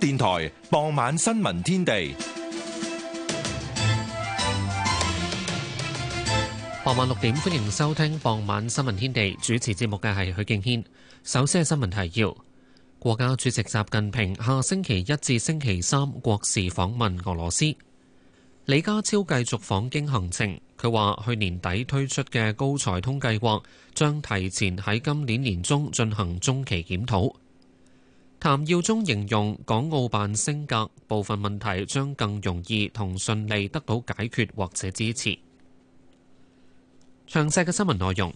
電台傍晚新聞天地，傍晚六點，歡迎收聽傍晚新聞天地。主持節目嘅係許敬軒。首先係新聞提要：國家主席習近平下星期一至星期三國事訪問俄羅斯。李家超繼續訪京行程，佢話去年底推出嘅高才通計劃，將提前喺今年年中進行中期檢討。譚耀宗形容港澳辦升格，部分問題將更容易同順利得到解決或者支持。詳細嘅新聞內容，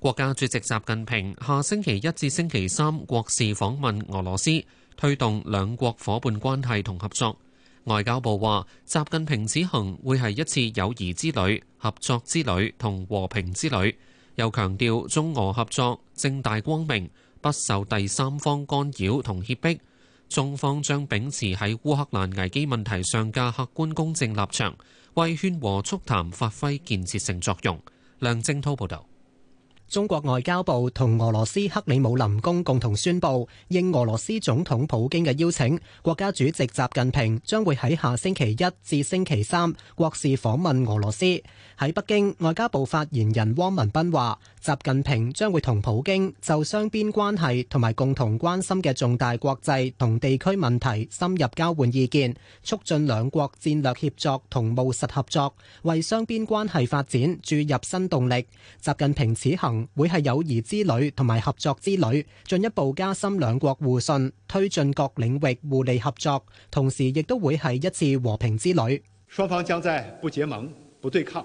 國家主席習近平下星期一至星期三國事訪問俄羅斯，推動兩國伙伴關係同合作。外交部話，習近平此行會係一次友誼之旅、合作之旅同和，和平之旅，又強調中俄合作正大光明。不受第三方干擾同脅迫，中方將秉持喺烏克蘭危機問題上嘅客觀公正立場，為勸和促談發揮建設性作用。梁正滔報導。中國外交部同俄羅斯克里姆林宮共同宣布，應俄羅斯總統普京嘅邀請，國家主席習近平將會喺下星期一至星期三國事訪問俄羅斯。喺北京，外交部發言人汪文斌話習近平將會同普京就雙邊關係同埋共同關心嘅重大國際同地區問題深入交換意見，促進兩國戰略協作同務實合作，為雙邊關係發展注入新動力。習近平此行會係友誼之旅同埋合作之旅，進一步加深兩國互信，推進各領域互利合作，同時亦都會係一次和平之旅。雙方將在不結盟、不對抗，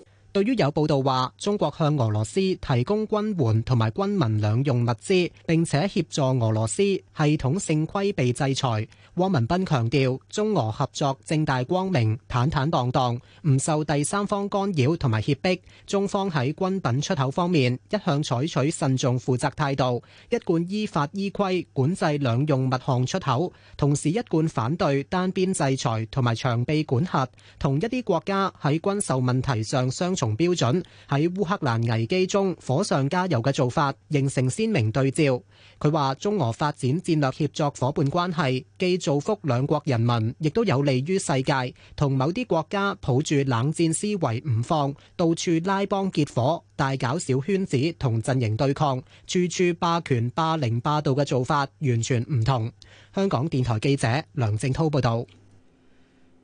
對於有報道話中國向俄羅斯提供軍援同埋軍民兩用物資，並且協助俄羅斯系統性規避制裁，汪文斌強調中俄合作正大光明、坦坦蕩蕩，唔受第三方干擾同埋脅迫。中方喺軍品出口方面一向採取慎重負責態度，一貫依法依規管制兩用物項出口，同時一貫反對單邊制裁同埋長臂管轄，同一啲國家喺軍售問題上相同標準喺烏克蘭危機中火上加油嘅做法，形成鮮明對照。佢話中俄發展戰略協作伙伴關係，既造福兩國人民，亦都有利於世界。同某啲國家抱住冷戰思維唔放，到處拉幫結伙、大搞小圈子同陣營對抗，處處霸權、霸凌、霸道嘅做法，完全唔同。香港電台記者梁正濤報道。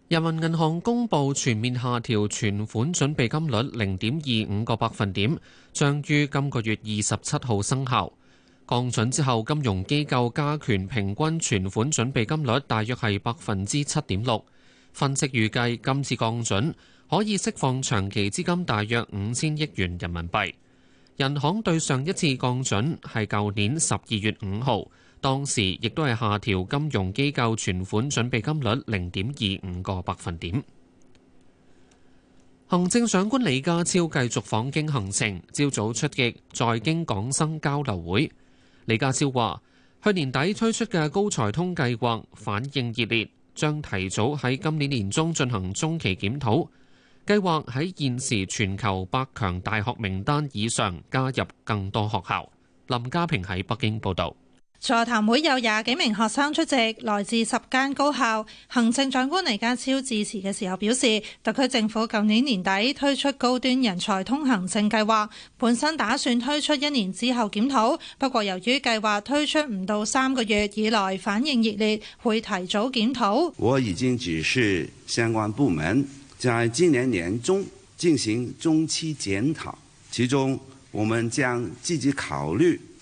人民銀行公布全面下調存款準備金率零點二五個百分點，將於今個月二十七號生效。降準之後，金融機構加權平均存款準備金率大約係百分之七點六。分析預計今次降準可以釋放長期資金大約五千億元人民幣，人行對上一次降準係舊年十二月五號。當時亦都係下調金融機構存款準備金率零點二五個百分點。行政長官李家超繼續訪京行程，朝早出席在京港生交流會。李家超話：去年底推出嘅高才通計劃反應熱烈，將提早喺今年年中進行中期檢討，計劃喺現時全球百強大學名單以上加入更多學校。林家平喺北京報導。座談會有廿幾名學生出席，來自十間高校。行政長官李家超致辭嘅時候表示，特區政府舊年年底推出高端人才通行證計劃，本身打算推出一年之後檢討，不過由於計劃推出唔到三個月以來反應熱烈，會提早檢討。我已經指示相關部門在今年年中進行中期檢討，其中我們將積極考慮。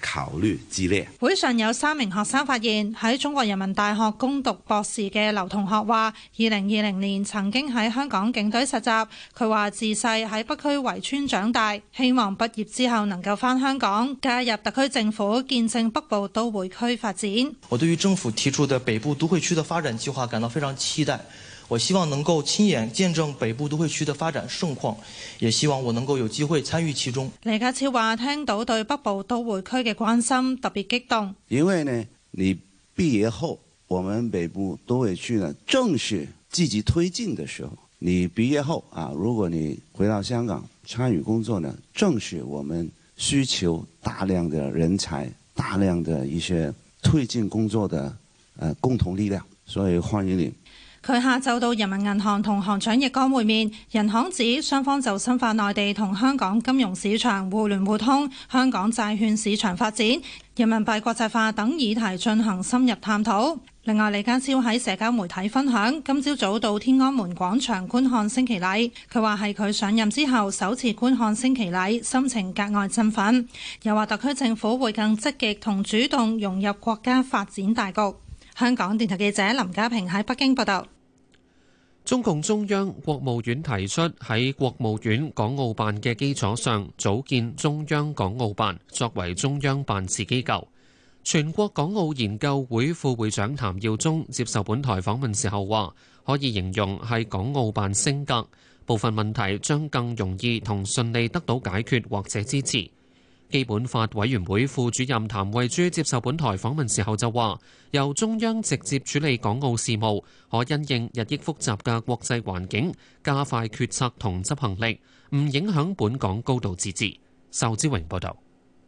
考慮之列。會上有三名學生發現，喺中國人民大學攻讀博士嘅劉同學話，二零二零年曾經喺香港警隊實習。佢話自細喺北區圍村長大，希望畢業之後能夠返香港，加入特區政府，見證北部都會區發展。我對於政府提出嘅北部都會區嘅發展計劃感到非常期待。我希望能夠親眼見證北部都會區的發展盛況，也希望我能夠有機會參與其中。李家超話聽到對北部都會區嘅關心特別激動，因為呢，你畢業後，我們北部都會區呢正是積極推進的時候。你畢業後啊，如果你回到香港參與工作呢，正是我們需求大量的人才、大量的一些推進工作的呃共同力量，所以歡迎你。佢下晝到人民銀行同行長易綱會面，人行指雙方就深化內地同香港金融市場互聯互通、香港債券市場發展、人民幣國際化等議題進行深入探討。另外，李家超喺社交媒體分享今朝早到天安門廣場觀看升旗禮，佢話係佢上任之後首次觀看升旗禮，心情格外振奮，又話特區政府會更積極同主動融入國家發展大局。香港電台記者林家平喺北京報道。中共中央國務院提出喺國務院港澳辦嘅基礎上，組建中央港澳辦作為中央辦事機構。全國港澳研究會副會長譚耀宗接受本台訪問時候話，可以形容係港澳辦升格，部分問題將更容易同順利得到解決或者支持。基本法委員會副主任譚惠珠接受本台訪問時候就話，由中央直接處理港澳事務，可因應日益複雜嘅國際環境，加快決策同執行力，唔影響本港高度自治。仇志榮報道。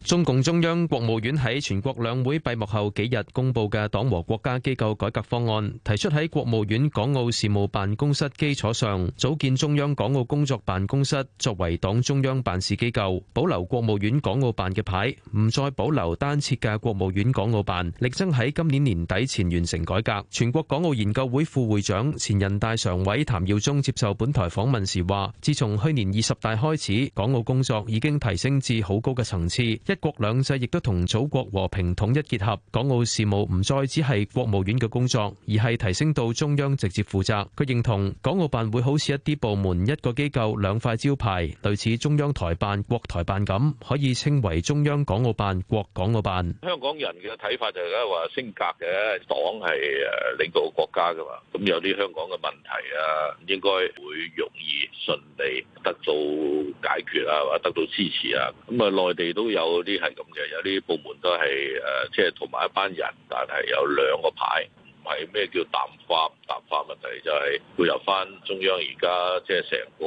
中共中央、國務院喺全國兩會閉幕後幾日公布嘅黨和國家機構改革方案，提出喺國務院港澳事務辦公室基礎上，組建中央港澳工作辦公室作為黨中央辦事機構，保留國務院港澳辦嘅牌，唔再保留單設嘅國務院港澳辦，力爭喺今年年底前完成改革。全國港澳研究會副會長、前人大常委譚耀宗接受本台訪問時話，自從去年二十大開始，港澳工作已經提升至好高嘅層次。一國兩制亦都同祖國和平統一結合，港澳事務唔再只係國務院嘅工作，而係提升到中央直接負責。佢認同港澳辦會好似一啲部門、一個機構、兩塊招牌，類似中央台辦、國台辦咁，可以稱為中央港澳辦、國港澳辦。香港人嘅睇法就係話升格嘅黨係誒領導國家噶嘛，咁有啲香港嘅問題啊，應該會容易順利得到解決啊，或者得到支持啊。咁啊，內地都有。有啲係咁嘅，有啲部門都係誒，即係同埋一班人，但係有兩個牌。唔係咩叫淡化、淡化問題？就係配合翻中央而家即係成個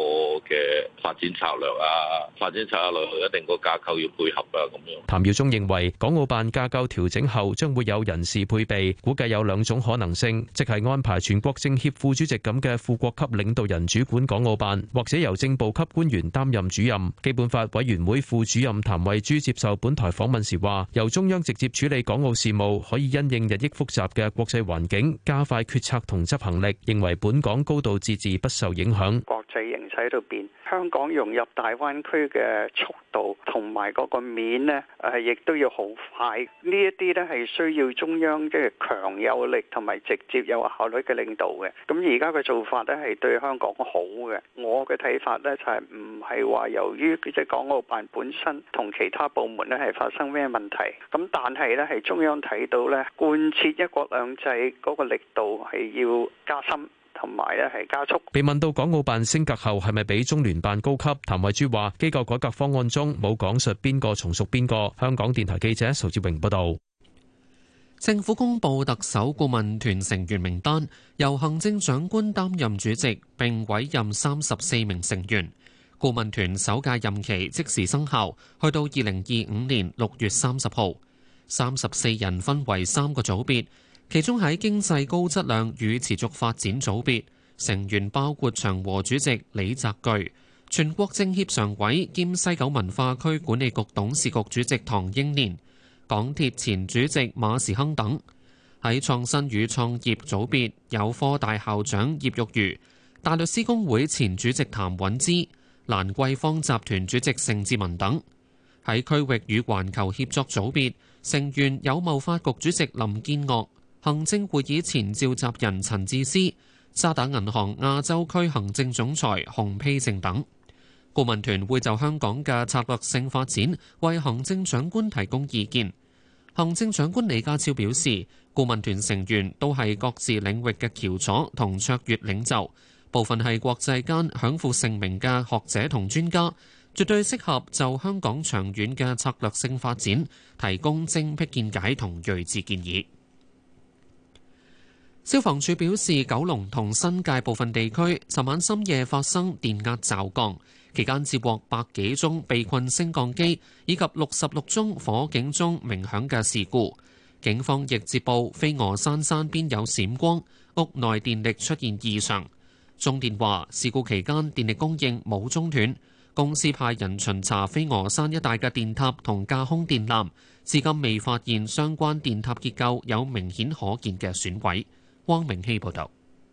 嘅發展策略啊、發展策略一定個架構要配合啊咁樣。譚耀宗認為，港澳辦架構調整後將會有人事配備，估計有兩種可能性，即係安排全國政協副主席咁嘅副國級領導人主管港澳辦，或者由政部級官員擔任主任。基本法委員會副主任譚慧珠接受本台訪問時話，由中央直接處理港澳事務，可以因應日益複雜嘅國際環。警加快決策同執行力，認為本港高度自治不受影響。國際形勢喺度變，香港融入大灣區嘅速度同埋嗰個面咧誒，亦都要好快。呢一啲咧係需要中央即係強有力同埋直接有效率嘅領導嘅。咁而家嘅做法咧係對香港好嘅。我嘅睇法咧就係唔係話由於即係港澳辦本身同其他部門咧係發生咩問題，咁但係咧係中央睇到咧貫徹一國兩制。嗰個力度係要加深，同埋咧係加速。被問到港澳辦升格後係咪比中聯辦高級，譚慧珠話：機構改革方案中冇講述邊個從屬邊個。香港電台記者曹志榮報道，政府公布特首顧問團成員名單，由行政長官擔任主席，並委任三十四名成員。顧問團首屆任期即時生效，去到二零二五年六月三十號。三十四人分為三個組別。其中喺經濟高質量與持續發展組別成員包括長和主席李澤鉅、全國政協常委兼西九文化區管理局董事局主席唐英年、港鐵前主席馬時亨等；喺創新與創業組別有科大校長葉玉如、大律師公會前主席譚允芝、蘭桂坊集團主席盛智文等；喺區域與環球協作組別成員有貿發局主席林建岳。行政會議前召集人陳智思、渣打銀行亞洲區行政總裁洪丕正等。顧問團會就香港嘅策略性發展為行政長官提供意見。行政長官李家超表示，顧問團成員都係各自領域嘅翹楚同卓越領袖，部分係國際間享負盛名嘅學者同專家，絕對適合就香港長遠嘅策略性發展提供精闢見解同睿智建議。消防處表示，九龍同新界部分地區尋晚深夜發生電壓驟降，期間接獲百幾宗被困升降機以及六十六宗火警鐘鳴響嘅事故。警方亦接報飛鵝山山邊有閃光，屋內電力出現異常。中電話事故期間電力供應冇中斷，公司派人巡查飛鵝山一帶嘅電塔同架空電纜，至今未發現相關電塔結構有明顯可見嘅損毀。汪明希報道，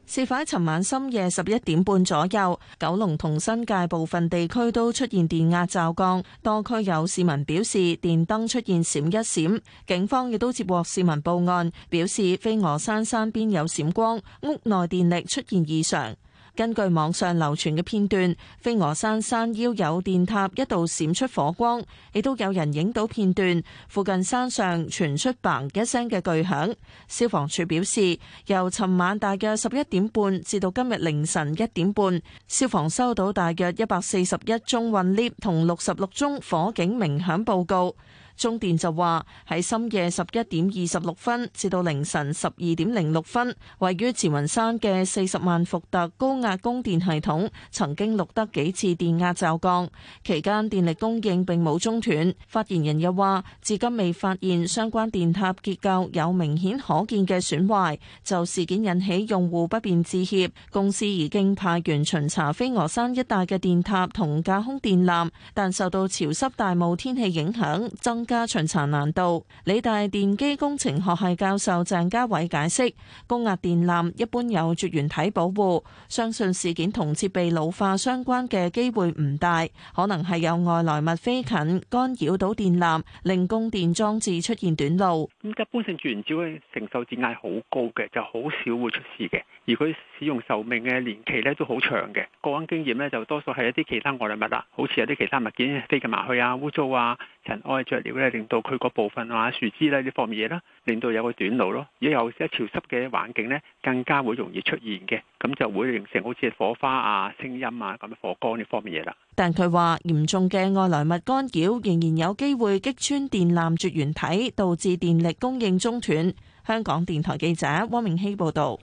事發喺尋晚深夜十一點半左右，九龍同新界部分地區都出現電壓驟降，多區有市民表示電燈出現閃一閃，警方亦都接獲市民報案，表示飛鵝山山邊有閃光，屋內電力出現異常。根據網上流傳嘅片段，飛鵝山山腰有電塔一度閃出火光，亦都有人影到片段。附近山上傳出嘭一聲嘅巨響。消防處表示，由尋晚大約十一點半至到今日凌晨一點半，消防收到大約一百四十一宗困 𨋢 同六十六宗火警鳴響報告。中電就話喺深夜十一點二十六分至到凌晨十二點零六分，位於慈雲山嘅四十萬伏特高壓供電系統曾經錄得幾次電壓驟降，期間電力供應並冇中斷。發言人又話，至今未發現相關電塔結構有明顯可見嘅損壞。就事件引起用戶不便致歉，公司已經派員巡查飛鵝山一帶嘅電塔同架空電纜，但受到潮濕大霧天氣影響，增加巡查難度。理大電機工程學系教授鄭家偉解釋，高壓電纜一般有絕緣體保護，相信事件同設備老化相關嘅機會唔大，可能係有外來物飛近干擾到電纜，令供電裝置出現短路。咁一般性絕緣子嘅承受電壓好高嘅，就好少會出事嘅。而佢使用壽命嘅年期咧都好長嘅。過往經驗咧就多數係一啲其他外來物啦，好似有啲其他物件飛近埋去啊，污糟啊，塵埃、雀令到佢嗰部分啊樹枝咧呢方面嘢啦，令到有個短路咯。如果有潮濕嘅環境呢，更加會容易出現嘅，咁就會形成好似火花啊、聲音啊咁火光呢方面嘢啦。但佢話嚴重嘅外來物干擾仍然有機會擊穿電纜絕緣體，導致電力供應中斷。香港電台記者汪明熙報道。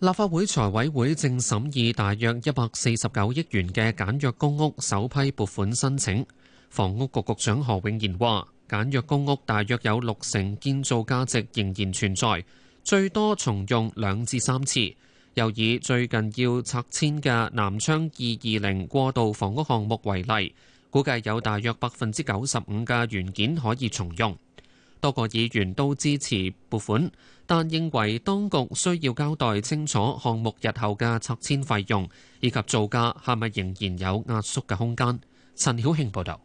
立法會財委會正審議大約一百四十九億元嘅簡約公屋首批撥款申請。房屋局局長何永賢話：簡約公屋大約有六成建造價值仍然存在，最多重用兩至三次。又以最近要拆遷嘅南昌二二零過渡房屋項目為例，估計有大約百分之九十五嘅元件可以重用。多個議員都支持撥款，但認為當局需要交代清楚項目日後嘅拆遷費用以及造價係咪仍然有壓縮嘅空間。陳曉慶報導。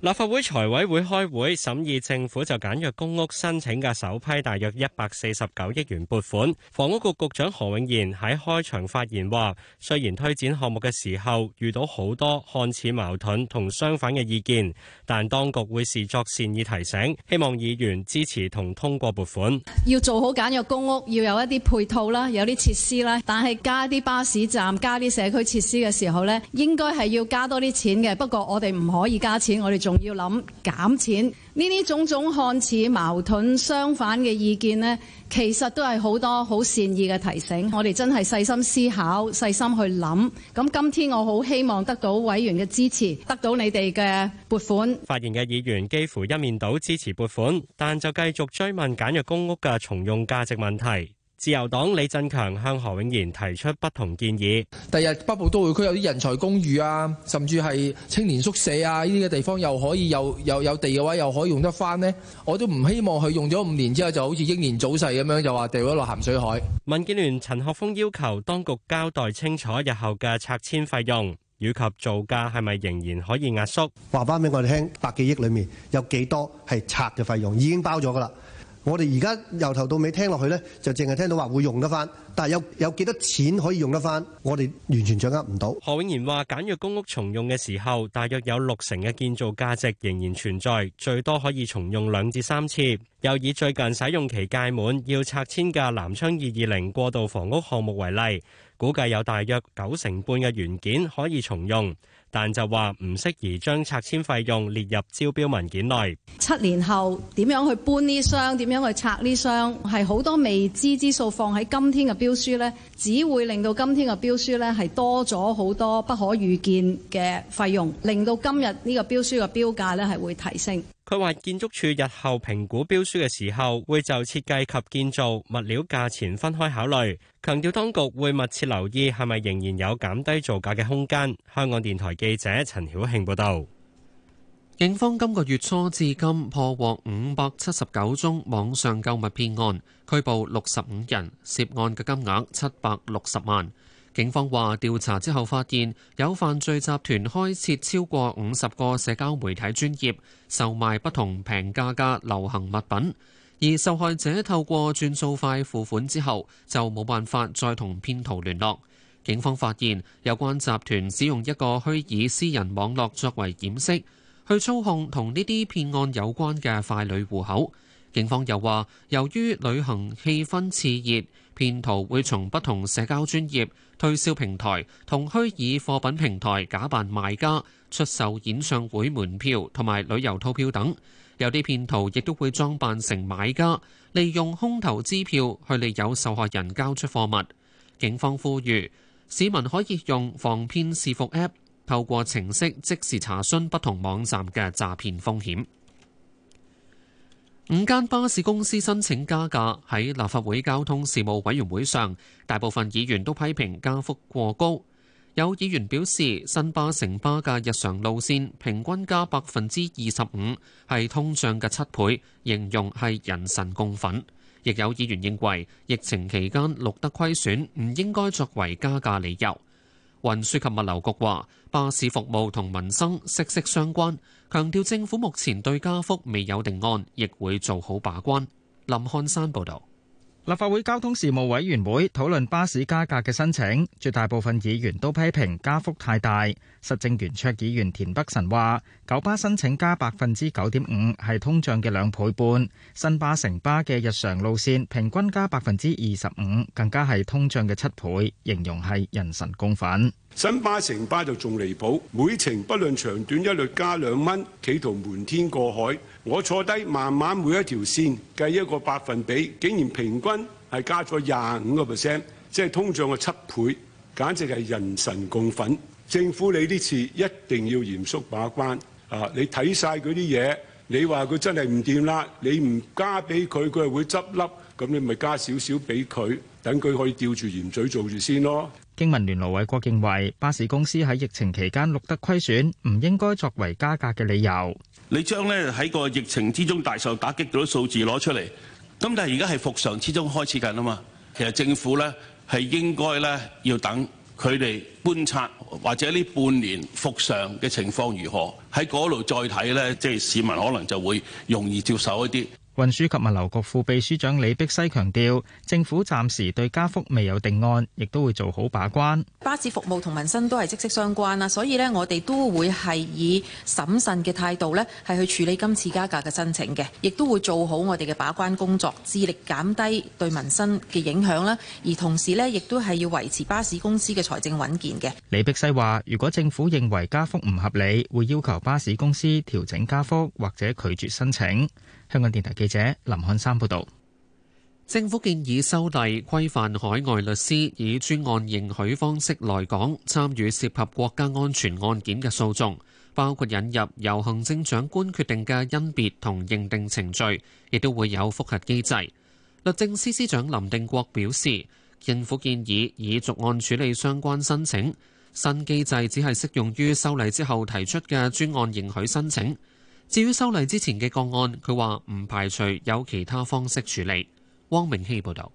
立法會財委會開會審議政府就簡約公屋申請嘅首批大約一百四十九億元撥款，房屋局局長何永賢喺開場發言話，雖然推展項目嘅時候遇到好多看似矛盾同相反嘅意見，但當局會視作善意提醒，希望議員支持同通過撥款。要做好簡約公屋，要有一啲配套啦，有啲設施啦，但係加啲巴士站、加啲社區設施嘅時候呢，應該係要加多啲錢嘅。不過我哋唔可以加錢，我哋。仲要諗減錢，呢啲種種看似矛盾相反嘅意見呢，其實都係好多好善意嘅提醒。我哋真係細心思考、細心去諗。咁今天我好希望得到委員嘅支持，得到你哋嘅撥款。發言嘅議員幾乎一面倒支持撥款，但就繼續追問簡約公屋嘅重用價值問題。自由黨李振強向何永賢提出不同建議。第日北部都會區有啲人才公寓啊，甚至係青年宿舍啊，呢啲嘅地方又可以又又有地嘅話，又可以用得翻呢。我都唔希望佢用咗五年之後就好似英年早逝咁樣，就話掉咗落鹹水海。民建聯陳學鋒要求當局交代清楚日後嘅拆遷費用以及造價係咪仍然可以壓縮。話翻俾我哋聽，百幾億裏面有幾多係拆嘅費用已經包咗噶啦。我哋而家由頭到尾聽落去呢，就淨係聽到話會用得返，但係有有幾多錢可以用得返，我哋完全掌握唔到。何永賢話：簡約公屋重用嘅時候，大約有六成嘅建造價值仍然存在，最多可以重用兩至三次。又以最近使用期屆滿要拆遷嘅南昌二二零過渡房屋項目為例，估計有大約九成半嘅元件可以重用。但就話唔適宜將拆遷費用列入招標文件內。七年後點樣去搬呢箱？點樣去拆呢箱？係好多未知之數放喺今天嘅標書呢，只會令到今天嘅標書呢係多咗好多不可預見嘅費用，令到今日呢個標書嘅標價呢係會提升。佢話建築署日後評估標書嘅時候，會就設計及建造物料價錢分開考慮，強調當局會密切留意係咪仍然有減低造價嘅空間。香港電台記者陳曉慶報道：「警方今個月初至今破獲五百七十九宗網上購物騙案，拘捕六十五人，涉案嘅金額七百六十萬。警方話調查之後發現，有犯罪集團開設超過五十個社交媒體專頁，售賣不同平價嘅流行物品。而受害者透過轉數快付款之後，就冇辦法再同騙徒聯絡。警方發現有關集團使用一個虛擬私人網絡作為掩飾，去操控同呢啲騙案有關嘅快女戶口傀儡戶口。警方又話，由於旅行氣氛熾熱，騙徒會從不同社交專業，推銷平台同虛擬貨品平台假扮賣家出售演唱會門票同埋旅遊套票等，有啲騙徒亦都會裝扮成買家，利用空頭支票去利誘受害人交出貨物。警方呼籲市民可以用防騙視伏 App，透過程式即時查詢不同網站嘅詐騙風險。五間巴士公司申請加價，喺立法會交通事務委員會上，大部分議員都批評加幅過高。有議員表示，新巴城巴嘅日常路線平均加百分之二十五，係通脹嘅七倍，形容係人神共憤。亦有議員認為，疫情期間錄得虧損，唔應該作為加價理由。運輸及物流局話，巴士服務同民生息息相關，強調政府目前對加幅未有定案，亦會做好把關。林漢山報道，立法會交通事務委員會討論巴士加價嘅申請，絕大部分議員都批評加幅太大。實政圓桌議員田北辰話九巴申請加百分之九點五，係通脹嘅兩倍半；新巴城巴嘅日常路線平均加百分之二十五，更加係通脹嘅七倍，形容係人神共憤。新巴城巴就仲離譜，每程不論長短一律加兩蚊，企圖瞞天過海。我坐低慢慢每一條線計一個百分比，竟然平均係加咗廿五個 percent，即係通脹嘅七倍，簡直係人神共憤。政府你啲詞一定要嚴肅把關啊！你睇晒嗰啲嘢，你話佢真係唔掂啦，你唔加俾佢，佢係會執笠，咁你咪加少少俾佢，等佢可以吊住鹽水做住先咯。經民聯盧偉國認為，巴士公司喺疫情期間錄得虧損，唔應該作為加價嘅理由。你將咧喺個疫情之中大受打擊嗰啲數字攞出嚟，咁但係而家係復常之中開始緊啊嘛，其實政府咧係應該咧要等。佢哋觀察或者呢半年復常嘅情況如何，喺嗰度再睇呢，即係市民可能就會容易接受一啲。運輸及物流局副秘書長李碧西強調，政府暫時對加幅未有定案，亦都會做好把關。巴士服務同民生都係息息相關啦，所以呢，我哋都會係以審慎嘅態度呢，係去處理今次加價嘅申請嘅，亦都會做好我哋嘅把關工作，致力減低對民生嘅影響啦。而同時呢，亦都係要維持巴士公司嘅財政穩健嘅。李碧西話，如果政府認為加幅唔合理，會要求巴士公司調整加幅，或者拒絕申請。香港電台記者林漢山報道，政府建議修例規範海外律師以專案認許方式來港參與涉及國家安全案件嘅訴訟，包括引入由行政長官決定嘅甄別同認定程序，亦都會有覆核機制。律政司司長林定國表示，政府建議以逐案處理相關申請，新機制只係適用於修例之後提出嘅專案認許申請。至於修例之前嘅個案，佢話唔排除有其他方式處理。汪明熙報導。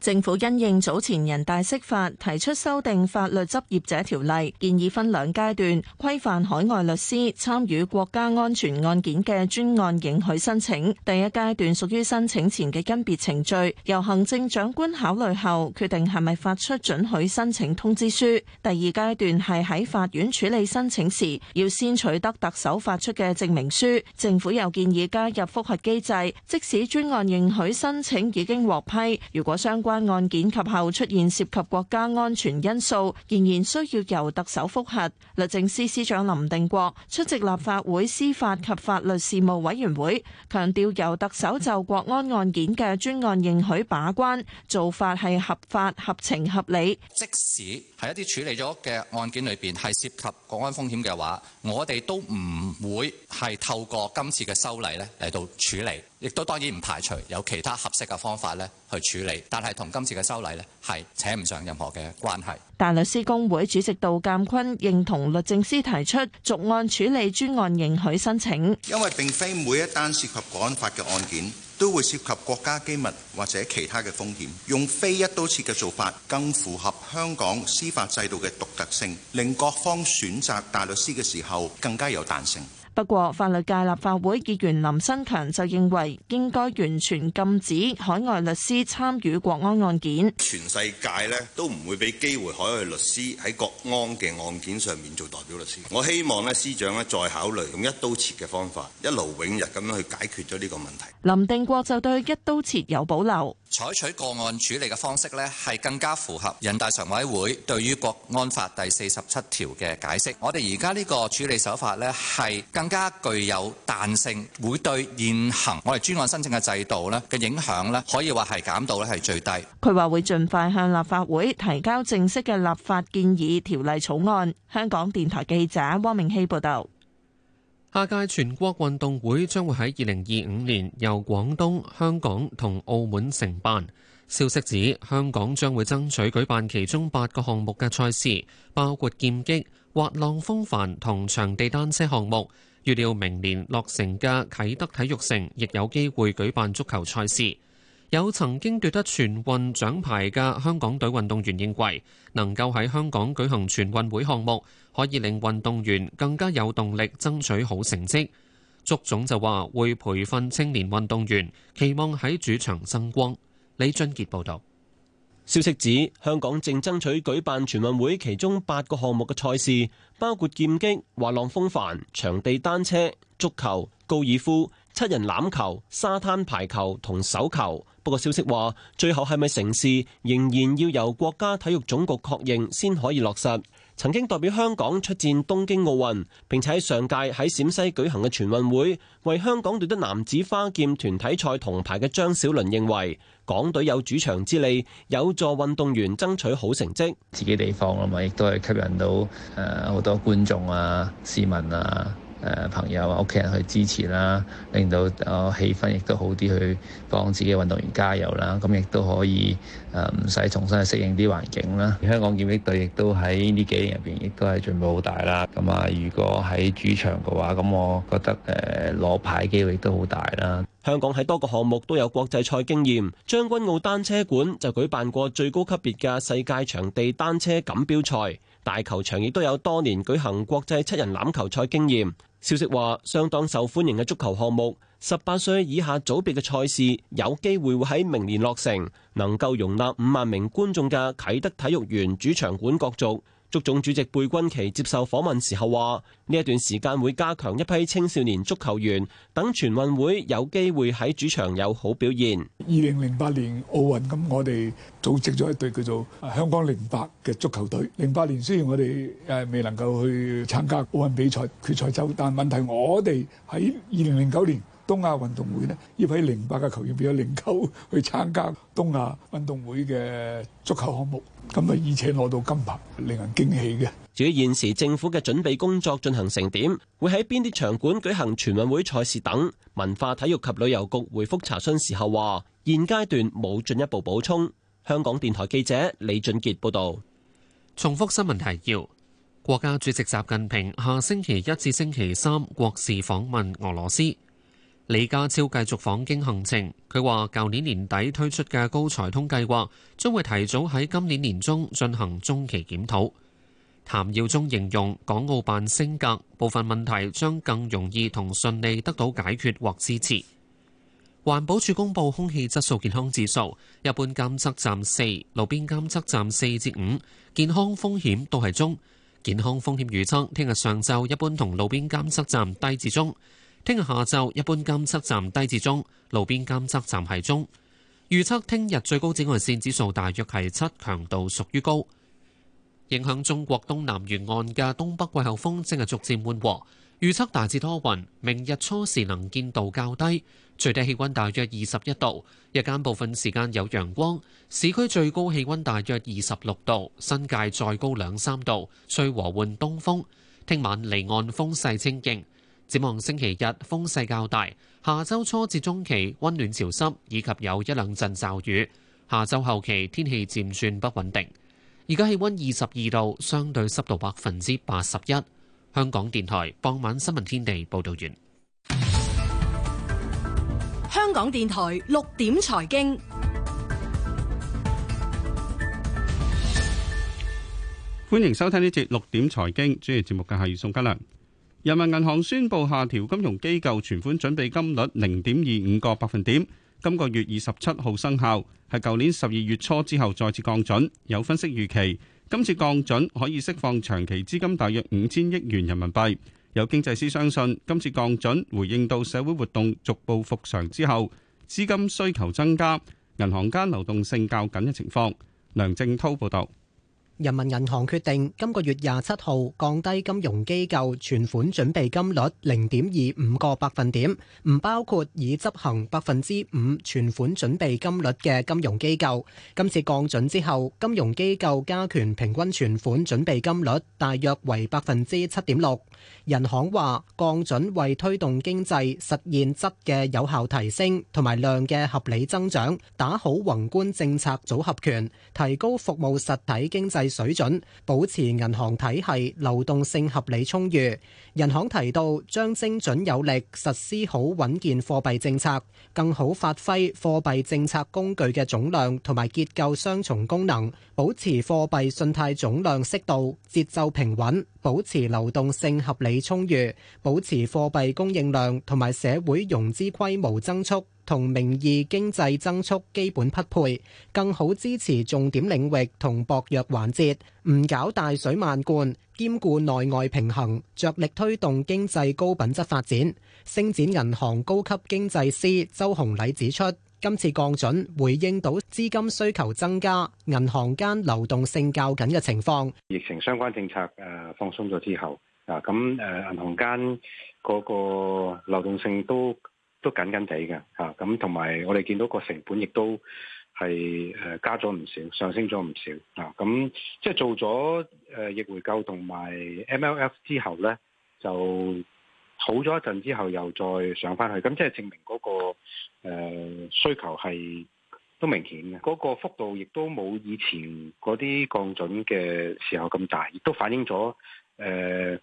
政府因應早前人大釋法，提出修訂《法律執業者條例》，建議分兩階段規範海外律師參與國家安全案件嘅專案認許申請。第一階段屬於申請前嘅甄別程序，由行政長官考慮後決定係咪發出准許申請通知書。第二階段係喺法院處理申請時，要先取得特首發出嘅證明書。政府又建議加入復核機制，即使專案認許申請已經獲批，如果相關關案件及後出現涉及國家安全因素，仍然需要由特首複核。律政司司長林定國出席立法會司法及法律事務委員會，強調由特首就國安案件嘅專案認許把關做法係合法、合情、合理。即使喺一啲處理咗嘅案件裏邊，係涉及國安風險嘅話，我哋都唔會係透過今次嘅修例咧嚟到處理，亦都當然唔排除有其他合適嘅方法咧去處理，但係同今次嘅修例咧係扯唔上任何嘅關係。大律師公會主席杜淦堃認同律政司提出逐案處理專案認許申請，因為並非每一單涉及國安法嘅案件都會涉及國家機密或者其他嘅風險，用非一刀切嘅做法，更符合香港司法制度嘅獨特性，令各方選擇大律師嘅時候更加有彈性。不過，法律界立法會議員林新強就認為應該完全禁止海外律師參與國安案件。全世界都唔會俾機會海外律師喺國安嘅案件上面做代表律師。我希望咧司長咧再考慮用一刀切嘅方法，一勞永逸咁去解決咗呢個問題。林定國就對一刀切有保留。採取個案處理嘅方式呢係更加符合人大常委會對於《國安法》第四十七條嘅解釋。我哋而家呢個處理手法呢係更加具有彈性，會對現行我哋專案申請嘅制度呢嘅影響呢可以話係減到呢係最低。佢話會盡快向立法會提交正式嘅立法建議條例草案。香港電台記者汪明熙報道。下屆全國運動會將會喺二零二五年由廣東、香港同澳門承辦。消息指，香港將會爭取舉辦其中八個項目嘅賽事，包括劍擊、滑浪風帆同場地單車項目。預料明年落成嘅啟德體育城亦有機會舉辦足球賽事。有曾經奪得全運獎牌嘅香港隊運動員認為，能夠喺香港舉行全運會項目，可以令運動員更加有動力爭取好成績。足總就話會培訓青年運動員，期望喺主場爭光。李俊傑報導。消息指，香港正爭取舉辦全運會其中八個項目嘅賽事，包括劍擊、滑浪風帆、場地單車、足球、高爾夫、七人欖球、沙灘排球同手球，不過消息話最後係咪成事，仍然要由國家體育總局確認先可以落實。曾經代表香港出戰東京奧運，並且喺上屆喺陝西舉行嘅全運會，為香港奪得男子花劍團體賽銅牌嘅張小倫認為，港隊有主場之利，有助運動員爭取好成績。自己地方啊嘛，亦都係吸引到誒好多觀眾啊、市民啊。誒朋友啊、屋企人去支持啦，令到個氣氛亦都好啲，去幫自己運動員加油啦。咁亦都可以誒唔使重新去適應啲環境啦。香港劍擊隊亦都喺呢幾年入邊亦都係進步好大啦。咁啊，如果喺主場嘅話，咁我覺得誒攞牌機會亦都好大啦。香港喺多個項目都有國際賽經驗，將軍澳單車館就舉辦過最高級別嘅世界場地單車錦標賽，大球場亦都有多年舉行國際七人欖球賽經驗。消息話，相當受歡迎嘅足球項目，十八歲以下組別嘅賽事，有機會會喺明年落成，能夠容納五萬名觀眾嘅啟德體育園主場館角逐。足總主席貝鈞奇接受訪問時候話：呢一段時間會加強一批青少年足球員，等全運會有機會喺主場有好表現。二零零八年奧運咁，我哋組織咗一隊叫做香港零八嘅足球隊。零八年雖然我哋誒未能夠去參加奧運比賽決賽周，但問題我哋喺二零零九年東亞運動會咧，依批零八嘅球員變咗零九去參加東亞運動會嘅足球項目。咁啊！而且攞到金牌，令人驚喜嘅。至於現時政府嘅準備工作進行成點會喺邊啲場館舉行全運會賽事等，文化體育及旅遊局回覆查詢時候話現階段冇進一步補充。香港電台記者李俊杰報道。重複新聞提要：國家主席習近平下星期一至星期三國事訪問俄羅斯。李家超繼續訪京行程，佢話：舊年年底推出嘅高才通計劃，將會提早喺今年年中進行中期檢討。譚耀宗形容港澳辦升格，部分問題將更容易同順利得到解決或支持。環保署公布空氣質素健康指數，一般監測站四，路邊監測站四至五，健康風險都係中。健康風險預測聽日上晝一般同路邊監測站低至中。聽日下晝，一般監測站低至中，路邊監測站係中。預測聽日最高紫外線指數大約係七，強度屬於高。影響中國東南沿岸嘅東北季候風正係逐漸緩和。預測大致多雲，明日初時能見度較低，最低氣溫大約二十一度，日間部分時間有陽光。市區最高氣溫大約二十六度，新界再高兩三度。吹和緩東風，聽晚離岸風勢清勁。展望星期日風勢較大，下周初至中期溫暖潮濕以及有一兩陣驟雨，下周後期天氣漸轉不穩定。而家氣溫二十二度，相對濕度百分之八十一。香港電台傍晚新聞天地報道完。香港電台六點財經，歡迎收聽呢節六點財經，主持節目嘅係宋家良。人民銀行宣布下調金融機構存款準備金率零點二五個百分點，今個月二十七號生效，係舊年十二月初之後再次降準。有分析預期，今次降準可以釋放長期資金大約五千億元人民幣。有經濟師相信，今次降準回應到社會活動逐步復常之後，資金需求增加，銀行間流動性較緊嘅情況。梁正濤報道。人民銀行決定今個月廿七號降低金融機構存款準備金率零點二五個百分點，唔包括已執行百分之五存款準備金率嘅金融機構。今次降準之後，金融機構加權平均存款準備金率大約為百分之七點六。人行話降準為推動經濟實現質嘅有效提升同埋量嘅合理增長，打好宏觀政策組合拳，提高服務實體經濟。水準保持銀行體系流動性合理充裕。人行提到，將精準有力實施好穩健貨幣政策，更好發揮貨幣政策工具嘅總量同埋結構雙重功能，保持貨幣信貸總量適度、節奏平穩，保持流動性合理充裕，保持貨幣供應量同埋社會融資規模增速，同名義經濟增速基本匹配，更好支持重點領域同薄弱環節，唔搞大水漫灌，兼顧內外平衡，着力推動經濟高品質發展。星展銀行高級經濟師周紅禮指出，今次降準回應到資金需求增加，銀行間流動性較緊嘅情況。疫情相關政策誒放鬆咗之後，啊咁誒，銀行間嗰個流動性都都緊緊地嘅吓，咁同埋我哋見到個成本亦都係誒加咗唔少，上升咗唔少啊！咁即係做咗誒逆回購同埋 MLF 之後呢，就好咗一陣之後又再上翻去，咁即係證明嗰個誒需求係都明顯嘅，嗰個幅度亦都冇以前嗰啲降準嘅時候咁大，亦都反映咗誒。呃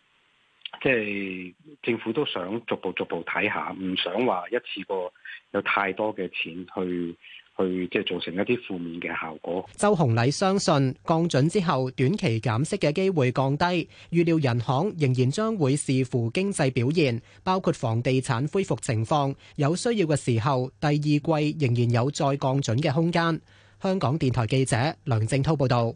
即政府都想逐步逐步睇下，唔想話一次過有太多嘅錢去去即係造成一啲負面嘅效果。周鴻禮相信降準之後短期減息嘅機會降低，預料人行仍然將會視乎經濟表現，包括房地產恢復情況，有需要嘅時候，第二季仍然有再降準嘅空間，香港電台記者梁正濤報道。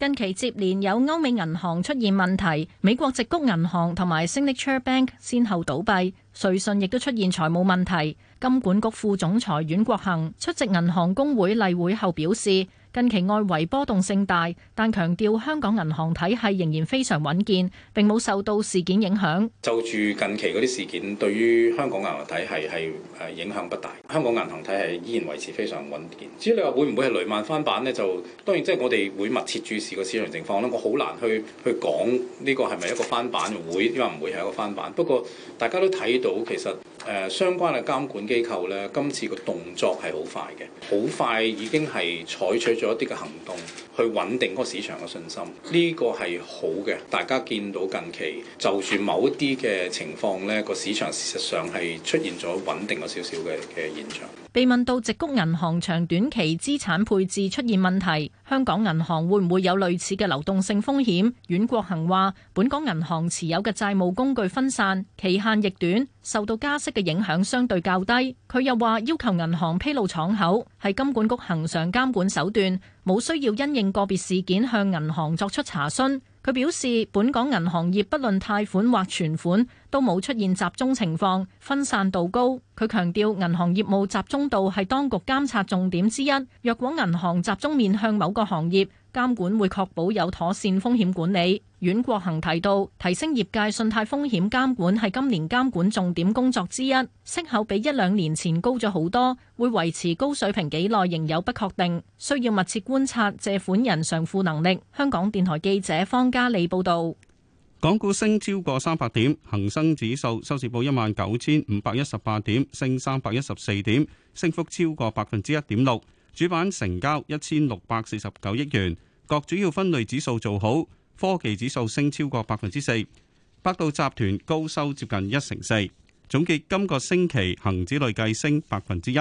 近期接連有歐美銀行出現問題，美國直谷銀行同埋 Signature Bank 先後倒閉，瑞信亦都出現財務問題。金管局副總裁阮國恒出席銀行公會例會後表示，近期外圍波動性大，但強調香港銀行體系仍然非常穩健，並冇受到事件影響。就住近期嗰啲事件，對於香港銀行體系係誒影響不大。香港銀行體系依然維持非常穩健。至於你話會唔會係雷曼翻版咧？就當然即係我哋會密切注視個市場情況啦。我好難去去講呢個係咪一個翻版會，因為唔會係一個翻版。不過大家都睇到其實誒、呃、相關嘅監管機構咧，今次個動作係好快嘅，好快已經係採取。做一啲嘅行動去穩定嗰個市場嘅信心，呢個係好嘅。大家見到近期，就算某一啲嘅情況咧，個市場事實上係出現咗穩定咗少少嘅嘅現象。被問到直谷銀行長短期資產配置出現問題，香港銀行會唔會有類似嘅流動性風險？阮國恒話：本港銀行持有嘅債務工具分散，期限亦短，受到加息嘅影響相對較低。佢又話：要求銀行披露敞口係金管局恒常監管手段，冇需要因應個別事件向銀行作出查詢。佢表示，本港銀行業不論貸款或存款，都冇出現集中情況，分散度高。佢強調銀行業務集中度係當局監察重點之一，若果銀行集中面向某個行業，監管會確保有妥善風險管理。阮國恒提到，提升業界信貸風險監管係今年監管重點工作之一，息口比一兩年前高咗好多，會維持高水平幾耐仍有不確定，需要密切觀察借款人償付能力。香港電台記者方嘉利報道。港股升超過三百點，恒生指數收市報一萬九千五百一十八點，升三百一十四點，升幅超過百分之一點六。主板成交一千六百四十九億元，各主要分類指數做好，科技指數升超過百分之四，百度集團高收接近一成四。總結今個星期恒指累計升百分之一，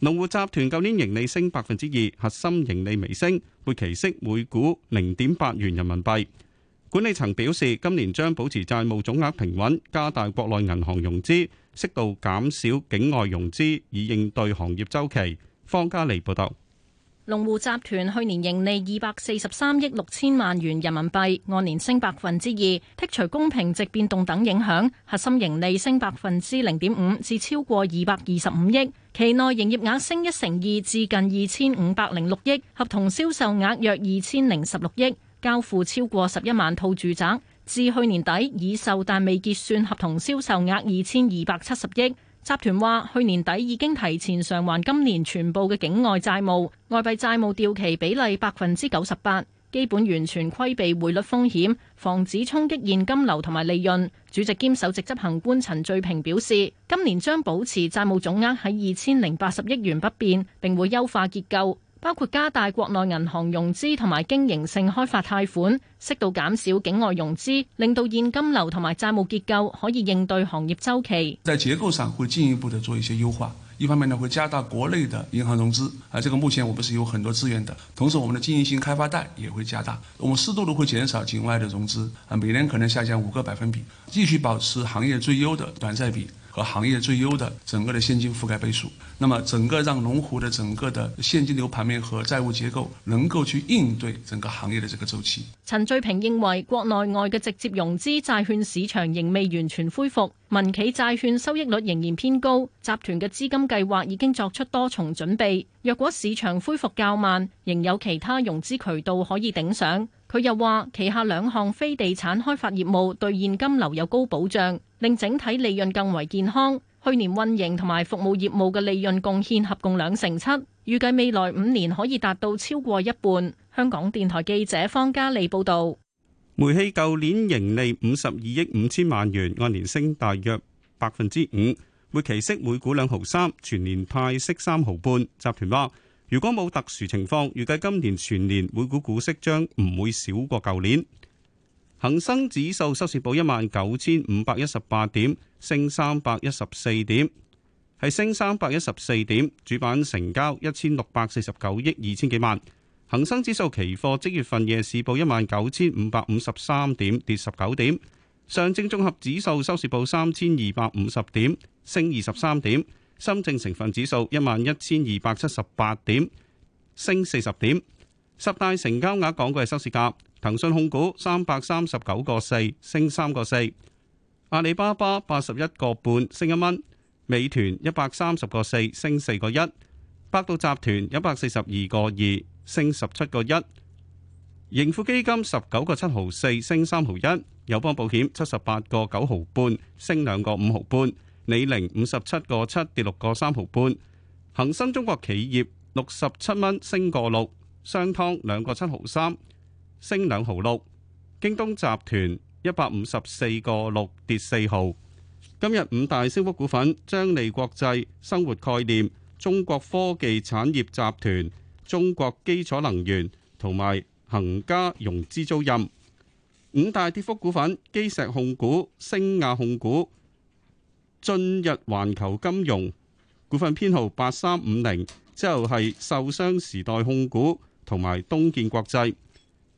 龍湖集團舊年盈利升百分之二，核心盈利微升，會期息每股零點八元人民幣。管理層表示，今年將保持債務總額平穩，加大國內銀行融資，適度減少境外融資，以應對行業周期。方家莉報道，龍湖集團去年盈利二百四十三億六千萬元人民幣，按年升百分之二，剔除公平值變動等影響，核心盈利升百分之零點五，至超過二百二十五億。期內營業額升一成二，至近二千五百零六億，合同銷售額約二千零十六億，交付超過十一萬套住宅。至去年底已售但未結算合同銷售額二千二百七十億。集團話，去年底已經提前償還今年全部嘅境外債務，外幣債務掉期比例百分之九十八，基本完全規避匯率風險，防止衝擊現金流同埋利潤。主席兼首席執行官陳序平表示，今年將保持債務總額喺二千零八十億元不變，並會優化結構。包括加大國內銀行融資同埋經營性開發貸款，適度減少境外融資，令到現金流同埋債務結構可以應對行業周期。在結構上會進一步的做一些優化，一方面呢會加大國內的銀行融資，啊，這個目前我們是有很多資源的，同時我們的經營性開發貸也會加大，我們適度的會減少境外的融資，啊，每年可能下降五個百分比，繼續保持行業最優的短債比。和行業最優的整個的現金覆蓋倍數，那麼整個讓龍湖的整個的現金流盤面和債務結構能夠去應對整個行業的這個週期。陳翠平認為，國內外嘅直接融資債券市場仍未完全恢復，民企債券收益率仍然偏高，集團嘅資金計劃已經作出多重準備。若果市場恢復較慢，仍有其他融資渠道可以頂上。佢又話：旗下兩項非地產開發業務對現金流有高保障，令整體利潤更為健康。去年運營同埋服務業務嘅利潤貢獻合共兩成七，預計未來五年可以達到超過一半。香港電台記者方嘉利報導。煤氣舊年盈利五十二億五千萬元，按年升大約百分之五，每期息每股兩毫三，全年派息三毫半。集團話，如果冇特殊情況，預計今年全年每股股息將唔會少過舊年。恒生指數收市報一萬九千五百一十八點，升三百一十四點，係升三百一十四點。主板成交一千六百四十九億二千幾萬。恒生指數期貨即月份夜市報一萬九千五百五十三點，跌十九點。上證綜合指數收市報三千二百五十點，升二十三點。深證成分指數一萬一千二百七十八點，升四十點。十大成交額港股嘅收市價。騰訊控股三百三十九個四，升三個四。阿里巴巴八十一個半，升一蚊。美團一百三十個四，升四個一。百度集團一百四十二個二，升十七個一。盈富基金十九個七毫四，升三毫一。友邦保險七十八個九毫半，升兩個五毫半。李寧五十七個七，跌六個三毫半，恒生中國企業六十七蚊，升個六，商湯兩個七毫三，升兩毫六，京東集團一百五十四個六，跌四毫。今日五大升幅股份：張利國際、生活概念、中國科技產業集團、中國基礎能源同埋恒嘉融資租賃。五大跌幅股份：基石控股、星亞控股。進入環球金融股份編號八三五零，之後係受傷時代控股同埋東建國際。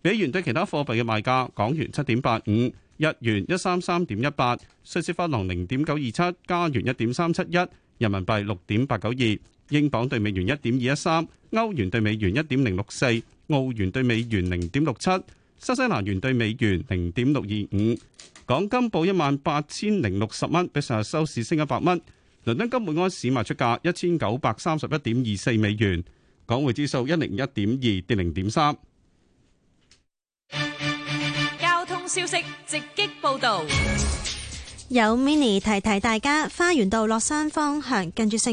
美元對其他貨幣嘅賣價：港元七點八五，日元一三三點一八，瑞士法郎零點九二七，加元一點三七一，人民幣六點八九二，英鎊對美元一點二一三，歐元對美元一點零六四，澳元對美元零點六七，新西蘭元對美元零點六二五。港金報一萬八千零六十蚊，比上日收市升一百蚊。倫敦金本安士賣出價一千九百三十一點二四美元。港匯指數一零一點二，跌零點三。交通消息直擊報道，有 mini 提提大家，花園道落山方向近住四。